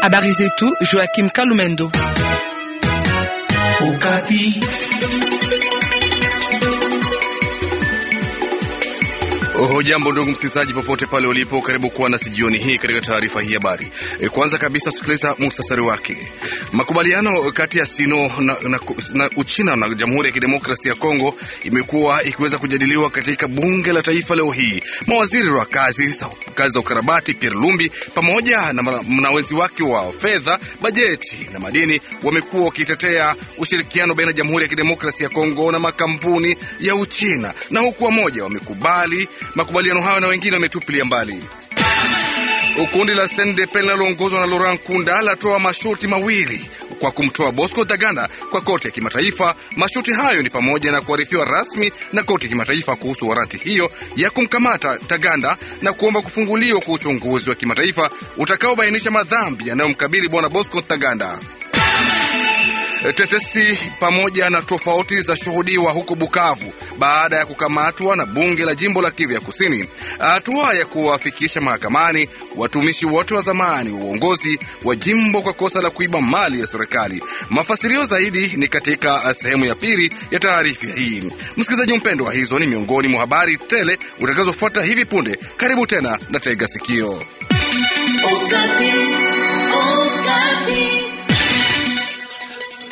Habari zetu Joachim Kalumendo. Okapi. Hujambo ndugu msikilizaji, popote pale ulipo, karibu kuwa nasi jioni hii katika taarifa hii habari. E, kwanza kabisa sikiliza muhtasari wake. Makubaliano kati ya Sino na, na, na Uchina na Jamhuri ya Kidemokrasia ya Kongo imekuwa ikiweza kujadiliwa katika bunge la taifa leo hii. Mawaziri wa kazi, kazi za ukarabati Pierre Lumbi pamoja na, na wenzi wake wa fedha, bajeti na madini wamekuwa wakitetea ushirikiano baina ya Jamhuri ya Kidemokrasia ya Kongo na makampuni ya Uchina, na huku wamoja wamekubali makubaliano hayo na wengine wametupilia mbali. Kundi la SNDP linaloongozwa na Laurent Kunda latoa masharti mawili kwa kumtoa Bosco Ntaganda kwa koti ya kimataifa. Masharti hayo ni pamoja na kuarifiwa rasmi na koti ya kimataifa kuhusu waranti hiyo ya kumkamata Ntaganda na kuomba kufunguliwa kwa uchunguzi wa kimataifa utakaobainisha madhambi yanayomkabili bwana Bosco Ntaganda. Tetesi pamoja na tofauti za shuhudiwa huko Bukavu baada ya kukamatwa na bunge la jimbo la Kivu ya Kusini. Hatua ya kuwafikisha mahakamani watumishi wote wa zamani wa uongozi wa jimbo kwa kosa la kuiba mali ya serikali. Mafasirio zaidi ni katika sehemu ya pili ya taarifa hii. Msikilizaji mpendwa, hizo ni miongoni mwa habari tele utakazofuata hivi punde. Karibu tena na tega sikio. Okapi, Okapi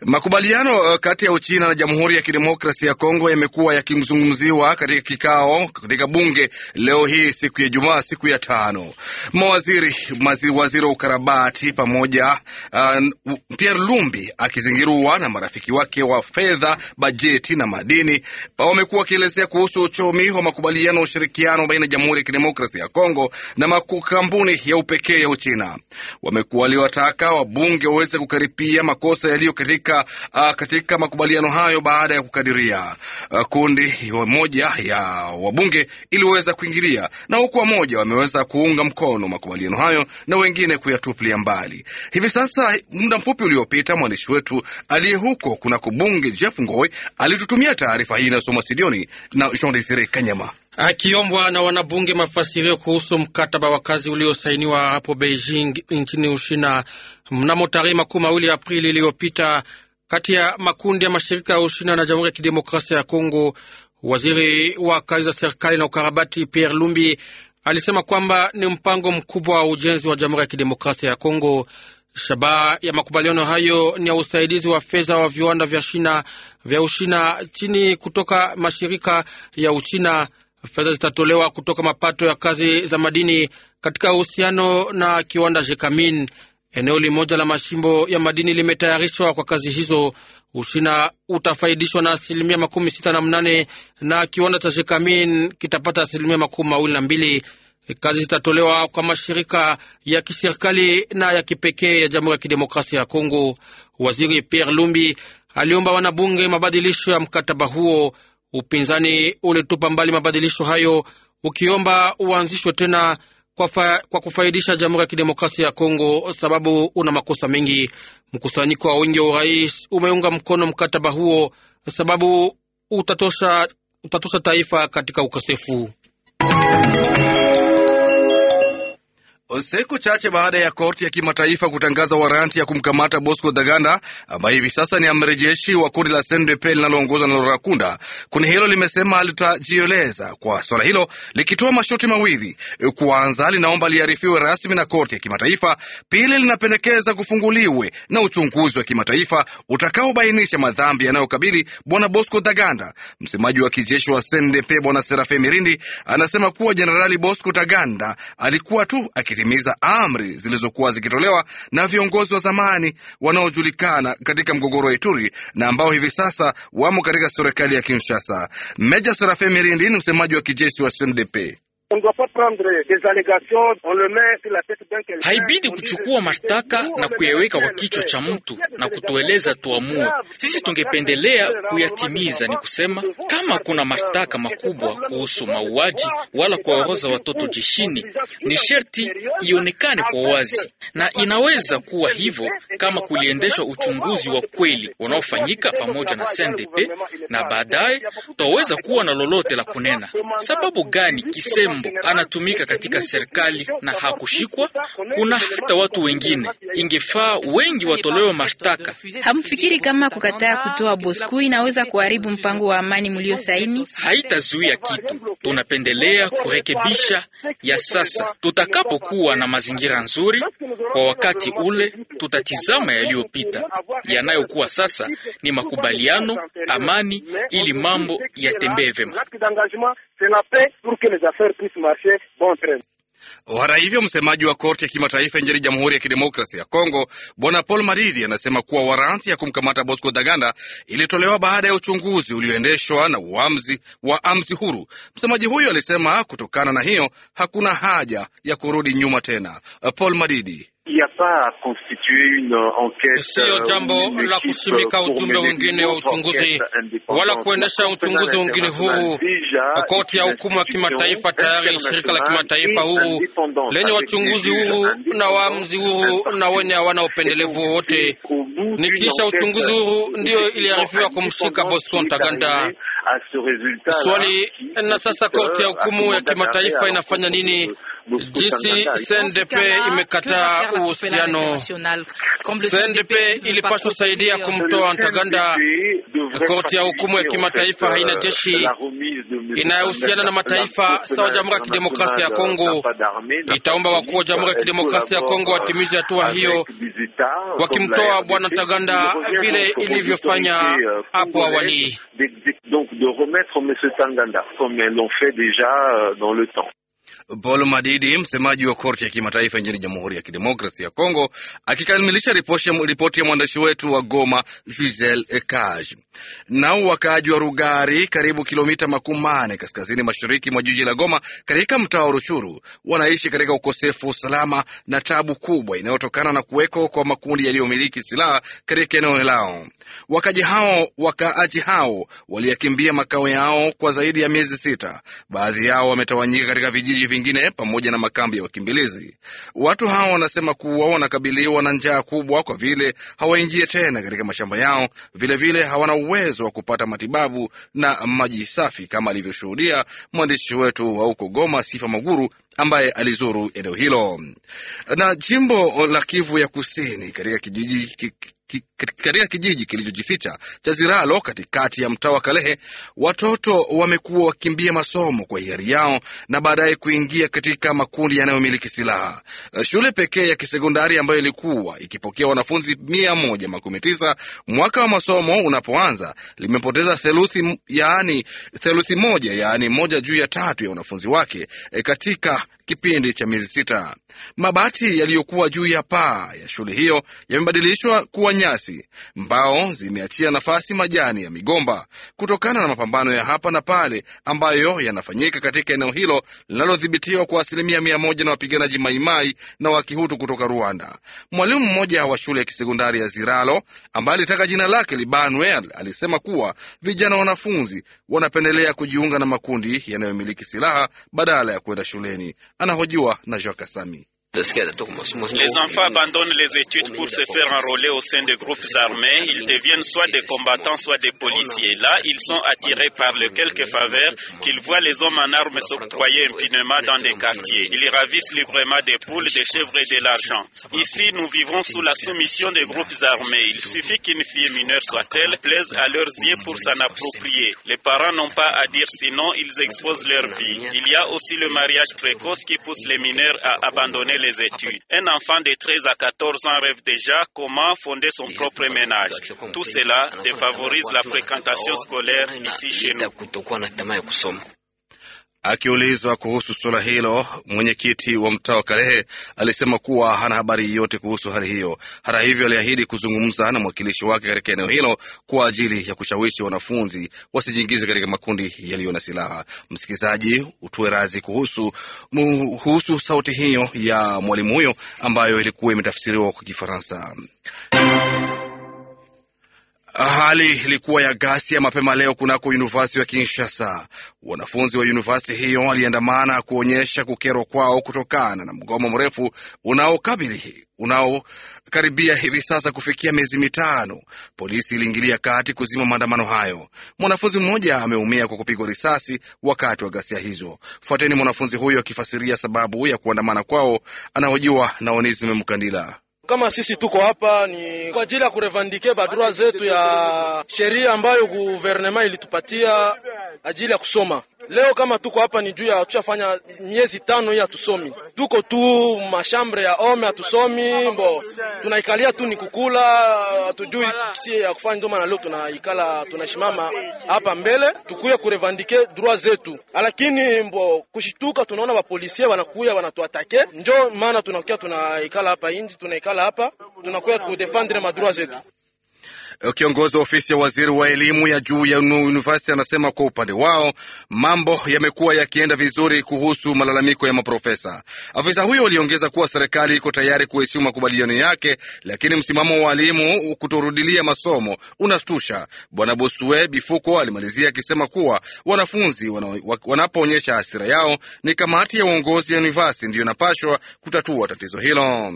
Makubaliano uh, kati ya Uchina na Jamhuri ya Kidemokrasia ya Kongo yamekuwa yakizungumziwa katika kikao katika bunge leo hii siku ya Ijumaa, siku ya tano. Mawaziri mazi, waziri wa ukarabati pamoja uh, Pierre Lumbi akizingirwa na marafiki wake wa fedha, bajeti na madini wamekuwa wakielezea kuhusu uchumi wa makubaliano ya ushirikiano baina ya Jamhuri ya Kidemokrasia ya Kongo na makampuni ya upekee ya Uchina. Wamekuwa waliwataka wabunge waweze kukaripia makosa yaliyo katika kuhusika uh, katika makubaliano hayo baada ya kukadiria uh, kundi moja ya wabunge iliweza kuingilia, na huku wamoja wameweza kuunga mkono makubaliano hayo na wengine kuyatupilia mbali. Hivi sasa muda mfupi uliopita mwandishi wetu aliye huko kuna kubunge Jeff Ngoi alitutumia taarifa hii inayosomwa studioni na Jean Desire Kanyama akiombwa na wanabunge mafasirio kuhusu mkataba wa kazi uliosainiwa hapo Beijing nchini Ushina mnamo tarehe makumi mawili Aprili iliyopita kati ya makundi ya mashirika ya ushina na Jamhuri ya Kidemokrasia ya Kongo. Waziri wa kazi za serikali na ukarabati Pierre Lumbi alisema kwamba ni mpango mkubwa wa ujenzi wa Jamhuri ya Kidemokrasia ya Kongo. Shabaha ya makubaliano hayo ni ya usaidizi wa fedha wa viwanda vya shina vya Ushina chini kutoka mashirika ya Uchina. Fedha zitatolewa kutoka mapato ya kazi za madini katika uhusiano na kiwanda Jekamin. Eneo limoja la mashimbo ya madini limetayarishwa kwa kazi hizo. Ushina utafaidishwa na asilimia makumi sita na mnane na kiwanda cha Shekamin kitapata asilimia makumi mawili na mbili. Kazi zitatolewa kwa mashirika ya kiserikali na ya kipekee ya Jamhuri ya Kidemokrasia ya Kongo. Waziri Pierre Lumbi aliomba wanabunge mabadilisho ya mkataba huo. Upinzani ulitupa mbali mabadilisho hayo ukiomba uanzishwe tena kwa, fa, kwa kufaidisha Jamhuri ya Kidemokrasia ya Kongo, sababu una makosa mengi. Mkusanyiko wa wingi wa urais umeunga mkono mkataba huo, sababu utatosha, utatosha taifa katika ukosefu Siku chache baada ya korti ya kimataifa kutangaza waranti ya kumkamata Bosco Daganda ambaye hivi sasa ni amiri jeshi wa kundi la sndp linaloongozwa na Lorakunda, kundi hilo limesema litajieleza kwa swala hilo likitoa masharti mawili: kwanza, linaomba liarifiwe rasmi na korti ya kimataifa; pili, linapendekeza kufunguliwe na uchunguzi wa kimataifa utakaobainisha madhambi yanayokabili bwana Bosco Daganda. Msemaji wa kijeshi wa CNDP bwana Serafe Mirindi anasema kuwa jenerali Bosco Daganda alikuwa tu akiti kutimiza amri zilizokuwa zikitolewa na viongozi wa zamani wanaojulikana katika mgogoro wa Ituri na ambao hivi sasa wamo katika serikali ya Kinshasa. Meja Serafe Mirindi ni msemaji wa kijeshi wa SNDP. Haibidi kuchukua mashtaka na kuyaweka kwa kichwa cha mtu na kutueleza tuamue. Sisi tungependelea kuyatimiza, ni kusema kama kuna mashtaka makubwa kuhusu mauaji wala kuwaoza watoto jeshini, ni sherti ionekane kwa wazi, na inaweza kuwa hivyo kama kuliendeshwa uchunguzi wa kweli unaofanyika pamoja na SNDP, na baadaye twaweza kuwa na lolote la kunena. Sababu gani kisema Lumumba anatumika katika serikali na hakushikwa. Kuna hata watu wengine, ingefaa wengi watolewe mashtaka. Hamfikiri kama kukataa kutoa Bosco inaweza kuharibu mpango wa amani mliosaini? Haitazuia kitu, tunapendelea kurekebisha ya sasa. Tutakapokuwa na mazingira nzuri kwa wakati ule, tutatizama yaliyopita. Yanayokuwa sasa ni makubaliano, amani, ili mambo yatembee vema puisse Marche, bon train. Hata hivyo msemaji wa korti ya kimataifa nchini Jamhuri ya Kidemokrasia ya Kongo Bwana Paul Maridi anasema kuwa waranti ya kumkamata Bosco Daganda ilitolewa baada ya uchunguzi ulioendeshwa na uamzi wa amzi huru. Msemaji huyo alisema kutokana na hiyo hakuna haja ya kurudi nyuma tena. Paul Maridi Siyo euh, jambo la kushimika ujumbe wengine wa uchunguzi wala kuendesha uchunguzi wengine huru. Koti ya hukumu ya kimataifa tayari, shirika la kimataifa huru lenye wachunguzi huru na waamuzi huru na wenye hawana upendelevu wowote. Ni kisha uchunguzi huru ndiyo iliarifiwa kumshika Boston Taganda. Swali na sasa, korti ya hukumu ya kimataifa inafanya nini? Jinsi CNDP imekataa uhusiano, CNDP ilipaswa saidia kumtoa Ntaganda. Korti ya hukumu ya kimataifa haina jeshi inayohusiana na mataifa sawa Jamhuri ya Kidemokrasia ya Kongo. Itaomba wakuu wa Jamhuri ya Kidemokrasia ya Kongo watimize hatua hiyo, wakimtoa bwana Ntaganda vile ilivyofanya euh, hapo awali. Paul Madidi, msemaji wa korti ya kimataifa nchini Jamhuri ya Kidemokrasi ya Kongo, akikamilisha ripoti ya mwandishi wetu wa Goma, Jusel Ekaj. Nao wakaaji wa Rugari, karibu kilomita makumi kaskazini mashariki mwa jiji la Goma, katika mtaa wa Rushuru, wanaishi katika ukosefu wa usalama na tabu kubwa inayotokana na kuweko kwa makundi yaliyomiliki silaha katika eneo lao. Wakaji hao wakaaji hao waliyakimbia makao yao kwa zaidi ya miezi sita. Baadhi yao wametawanyika katika vijiji vingine pamoja na makambi ya wakimbilizi. Watu hao wanasema kuwa wanakabiliwa na njaa kubwa kwa vile hawaingie tena katika mashamba yao, vilevile vile hawana uwezo wa kupata matibabu na maji safi, kama alivyoshuhudia mwandishi wetu wa huko Goma, Sifa Maguru ambaye alizuru eneo hilo. Na jimbo la Kivu ya Kusini, katika kijiji katika kijiji kilichojificha cha Ziralo katikati ya mtaa wa Kalehe, watoto wamekuwa wakimbia masomo kwa hiari yao na baadaye kuingia katika makundi yanayomiliki silaha. Eh, shule pekee ya kisekondari ambayo ilikuwa ikipokea wanafunzi mia moja makumi tisa mwaka wa masomo unapoanza limepoteza theluthi, yaani theluthi moja, yaani moja juu ya tatu ya wanafunzi wake eh, katika kipindi cha miezi sita. Mabati yaliyokuwa juu ya paa ya shule hiyo yamebadilishwa kuwa nyasi, mbao zimeachia nafasi majani ya migomba, kutokana na mapambano ya hapa na pale ambayo yanafanyika katika eneo hilo linalodhibitiwa kwa asilimia mia moja na wapiganaji Maimai na Wakihutu kutoka Rwanda. Mwalimu mmoja wa shule ya kisekondari ya Ziralo ambaye alitaka jina lake libanwe alisema kuwa vijana wanafunzi wanapendelea kujiunga na makundi yanayomiliki silaha badala ya kwenda shuleni anahojiwa na Jacques Kasami. Les enfants abandonnent les études pour se faire enrôler au sein de groupes armés. Ils deviennent soit des combattants, soit des policiers. Là, ils sont attirés par le quelques faveur qu'ils voient les hommes en armes s'octroyer impunément dans des quartiers. Ils ravissent librement des poules, des chèvres et de l'argent. Ici, nous vivons sous la soumission des groupes armés. Il suffit qu'une fille mineure soit-elle plaise à leurs yeux pour s'en approprier. Les parents n'ont pas à dire sinon ils exposent leur vie. Il y a aussi le mariage précoce qui pousse les mineurs à abandonner études. Un enfant de 13 à 14 ans rêve déjà comment fonder son propre ménage. Tout cela défavorise la fréquentation scolaire ici chez nous. Akiulizwa kuhusu suala hilo, mwenyekiti wa mtaa wa Kalehe alisema kuwa hana habari yoyote kuhusu hali hiyo. Hata hivyo, aliahidi kuzungumza na mwakilishi wake katika eneo hilo kwa ajili ya kushawishi wanafunzi wasijiingize katika makundi yaliyo na silaha. Msikilizaji, utoe razi kuhusu kuhusu sauti hiyo ya mwalimu huyo ambayo ilikuwa imetafsiriwa kwa Kifaransa. Hali ilikuwa ya ghasia mapema leo kunako univasiti ya Kinshasa. Wanafunzi wa univasiti hiyo waliandamana kuonyesha kukerwa kwao kutokana na mgomo mrefu unaokabili unaokaribia hivi sasa kufikia miezi mitano. Polisi iliingilia kati kuzima maandamano hayo. Mwanafunzi mmoja ameumia kwa kupigwa risasi wakati wa ghasia hizo. Fuateni mwanafunzi huyo akifasiria sababu ya kuandamana kwao, anahojiwa na Onesime Mkandila. Kama sisi tuko hapa ni kwa ajili ya kurevandike badroa zetu ya sheria ambayo guvernema ilitupatia ajili ya kusoma Leo kama tuko hapa ni juu ya tushafanya miezi tano hii hatusomi, tuko tu mashambre ya ome hatusomi, mbo tunaikalia tu ni kukula, hatujui si ya kufanya. Ndio maana leo tunaikala tunashimama hapa mbele tukuye kurevandike droit zetu, lakini mbo kushituka, tunaona wapolisia wanakuya wanatuatake, njo maana tunakuya tunaikala hapa inji, tunaikala hapa tunakuya kudefendre madroit zetu. Eh, kiongozi wa ofisi ya waziri wa elimu ya juu ya university anasema kwa upande wao mambo yamekuwa yakienda vizuri kuhusu malalamiko ya maprofesa. Afisa huyo aliongeza kuwa serikali iko tayari kuheshimu makubaliano yake, lakini msimamo wa walimu kutorudilia masomo unastusha. Bwana Bosue Bifuko alimalizia akisema kuwa wanafunzi wanapoonyesha hasira yao, ni kamati ya uongozi ya university ndiyo inapashwa kutatua tatizo hilo.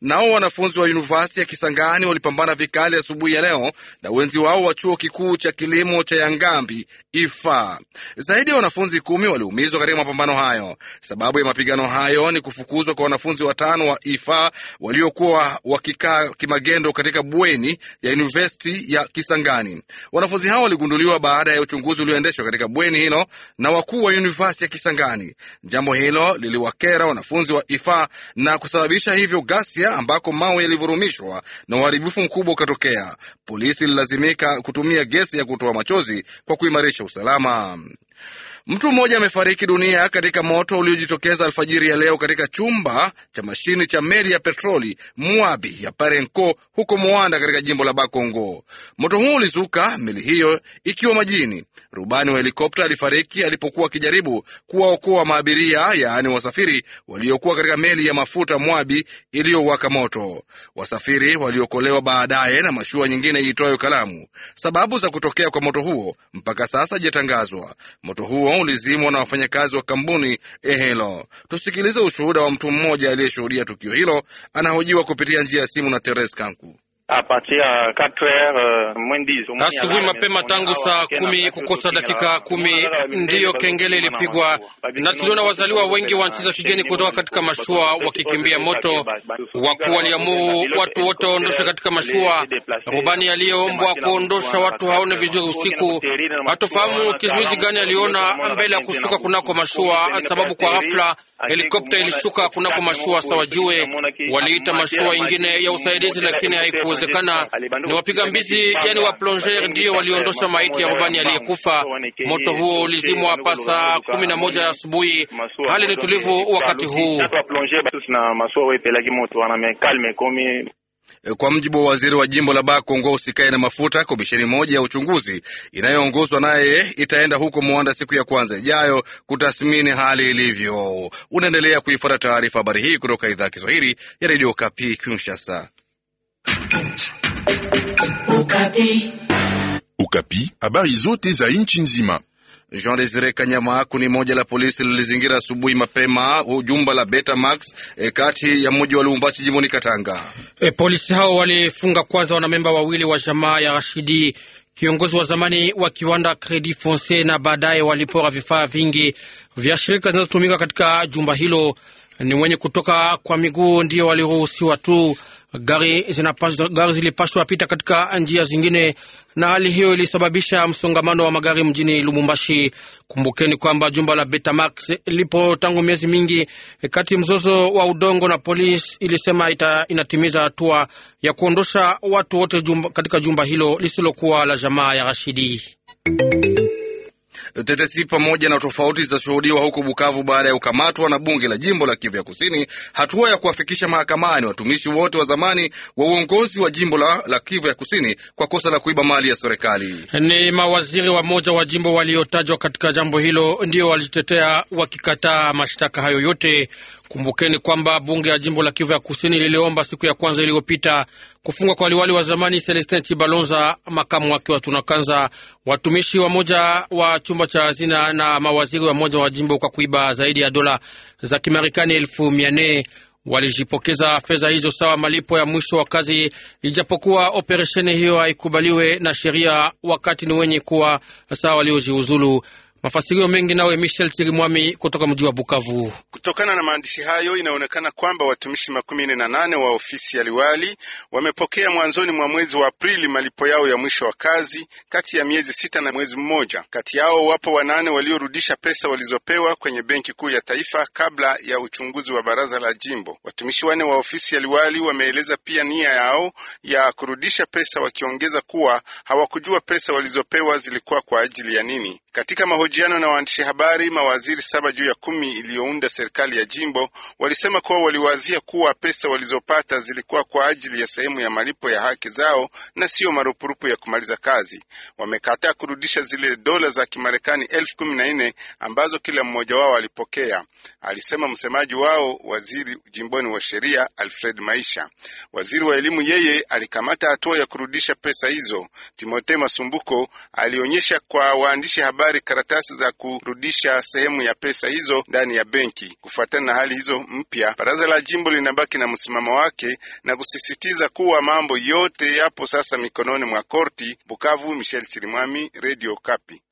Nao wanafunzi wa yunivasiti ya Kisangani walipambana vikali asubuhi ya, ya leo na wenzi wao wa chuo kikuu cha kilimo cha Yangambi Ifa. Zaidi ya wanafunzi kumi waliumizwa katika mapambano hayo. Sababu ya mapigano hayo ni kufukuzwa kwa wanafunzi watano wa Ifa waliokuwa wakikaa kimagendo katika bweni ya yunivesiti ya Kisangani. Wanafunzi hao waligunduliwa baada ya uchunguzi ulioendeshwa katika bweni hilo na wakuu wa yunivasiti ya Kisangani. Jambo hilo liliwakera wanafunzi wa Ifa na kusababisha hivyo gasi ghasia ambako mawe yalivurumishwa na uharibifu mkubwa ukatokea. Polisi ililazimika kutumia gesi ya kutoa machozi kwa kuimarisha usalama. Mtu mmoja amefariki dunia katika moto uliojitokeza alfajiri ya leo katika chumba cha mashini cha meli ya petroli Mwabi ya Parenco huko mwanda katika jimbo la Bakongo. Moto huu ulizuka meli hiyo ikiwa majini. Rubani wa helikopta alifariki alipokuwa akijaribu kuwaokoa maabiria, yaani wasafiri waliokuwa katika meli ya mafuta Mwabi iliyowaka moto. Wasafiri waliokolewa baadaye na mashua nyingine iitwayo Kalamu. Sababu za kutokea kwa moto huo mpaka sasa hajatangazwa. Moto huo ulizimwa na wafanyakazi wa kampuni Ehelo. Tusikilize ushuhuda wa mtu mmoja aliyeshuhudia tukio hilo, anahojiwa kupitia njia ya simu na Teres Kanku. Euh, asubuhi mapema tangu saa kumi kukosa dakika kumi ndiyo kengele ilipigwa, na tuliona wazaliwa wengi wa nchi za kigeni kutoka katika mashua wakikimbia moto. Wakuu waliamuru watu wote waondoshwe katika mashua. Rubani aliyeombwa kuondosha watu haone vizuri usiku, hatofahamu kizuizi gani aliona mbele ya kushuka kunako mashua, sababu kwa ghafla helikopta ilishuka kunako mashua sawa jue. Waliita mashua ingine ya usaidizi, lakini haiku inawezekana ni wapiga mbizi, yani wa plonger, ndiyo waliondosha maiti ya rubani aliyekufa. Moto huo ulizimwa pasa kumi na moja asubuhi. Hali ni tulivu wakati huu. E, kwa mjibu wa waziri wa jimbo la Bakongo usikae na mafuta, komisheni moja ya uchunguzi inayoongozwa naye itaenda huko Mwanda siku ya kwanza ijayo kutathmini hali ilivyo. Unaendelea kuifuata taarifa habari hii kutoka idhaa ya Kiswahili ya redio Kapi, Kinshasa. Ukapi. Ukapi, habari zote za nchi nzima. Jean Desire Kanyama. Kundi moja la polisi lilizingira asubuhi mapema jumba la Betamax e, kati ya mji wa Lubumbashi jimboni Katanga. E, polisi hao walifunga kwanza wanamemba wawili wa jamaa ya Rashidi, kiongozi wa zamani wa kiwanda Credit Foncier, na baadaye walipora vifaa vingi vya shirika zinazotumika katika jumba hilo. Ni wenye kutoka kwa miguu ndio waliruhusiwa tu gari zilipaswa pita katika njia zingine, na hali hiyo ilisababisha msongamano wa magari mjini Lubumbashi. Kumbukeni kwamba jumba la Betamax lipo tangu miezi mingi kati mzozo wa udongo, na polisi ilisema ita, inatimiza hatua ya kuondosha watu wote jumba, katika jumba hilo lisilokuwa la jamaa ya Rashidi. Tetesi pamoja na tofauti zitashuhudiwa huko Bukavu baada ya kukamatwa na bunge la jimbo la Kivu ya Kusini hatua ya kuwafikisha mahakamani watumishi wote wa zamani wa uongozi wa jimbo la, la Kivu ya Kusini kwa kosa la kuiba mali ya serikali. Ni mawaziri wa moja wa jimbo waliotajwa katika jambo hilo ndio walijitetea wakikataa mashtaka hayo yote. Kumbukeni kwamba bunge ya jimbo la Kivu ya Kusini liliomba siku ya kwanza iliyopita kufungwa kwa liwali wa zamani Celestin Chibalonza, makamu wake wa Tunakanza, watumishi wamoja wa chumba cha hazina na mawaziri wa moja wa jimbo kwa kuiba zaidi ya dola za Kimarekani elfu mia nne walijipokeza fedha hizo sawa malipo ya mwisho wa kazi, ijapokuwa operesheni hiyo haikubaliwe na sheria, wakati ni wenye kuwa sawa waliojiuzulu. Mafasirio mengi nawe Michel Chirimwami kutoka mji wa Bukavu. Kutokana na maandishi hayo, inaonekana kwamba watumishi makumi nne na nane wa ofisi ya liwali wamepokea mwanzoni mwa mwezi wa Aprili malipo yao ya mwisho wa kazi kati ya miezi sita na mwezi mmoja. Kati yao wapo wanane waliorudisha pesa walizopewa kwenye benki kuu ya taifa kabla ya uchunguzi wa baraza la jimbo. Watumishi wanne wa ofisi ya liwali wameeleza pia nia yao ya kurudisha pesa, wakiongeza kuwa hawakujua pesa walizopewa zilikuwa kwa ajili ya nini. Katika maho mahojiano na waandishi habari, mawaziri saba juu ya kumi iliyounda serikali ya jimbo walisema kuwa waliwazia kuwa pesa walizopata zilikuwa kwa ajili ya sehemu ya malipo ya haki zao na siyo marupurupu ya kumaliza kazi. Wamekataa kurudisha zile dola za Kimarekani elfu kumi na nne ambazo kila mmoja wao alipokea, alisema msemaji wao waziri jimboni wa sheria Alfred Maisha. Waziri wa elimu yeye alikamata hatua ya kurudisha pesa hizo. Timothe Masumbuko alionyesha kwa waandishi habari karatasi karatasi za kurudisha sehemu ya pesa hizo ndani ya benki. Kufuatana na hali hizo mpya, baraza la jimbo linabaki na msimamo wake na kusisitiza kuwa mambo yote yapo sasa mikononi mwa korti. Bukavu, Michel Chirimwami, Radio Kapi,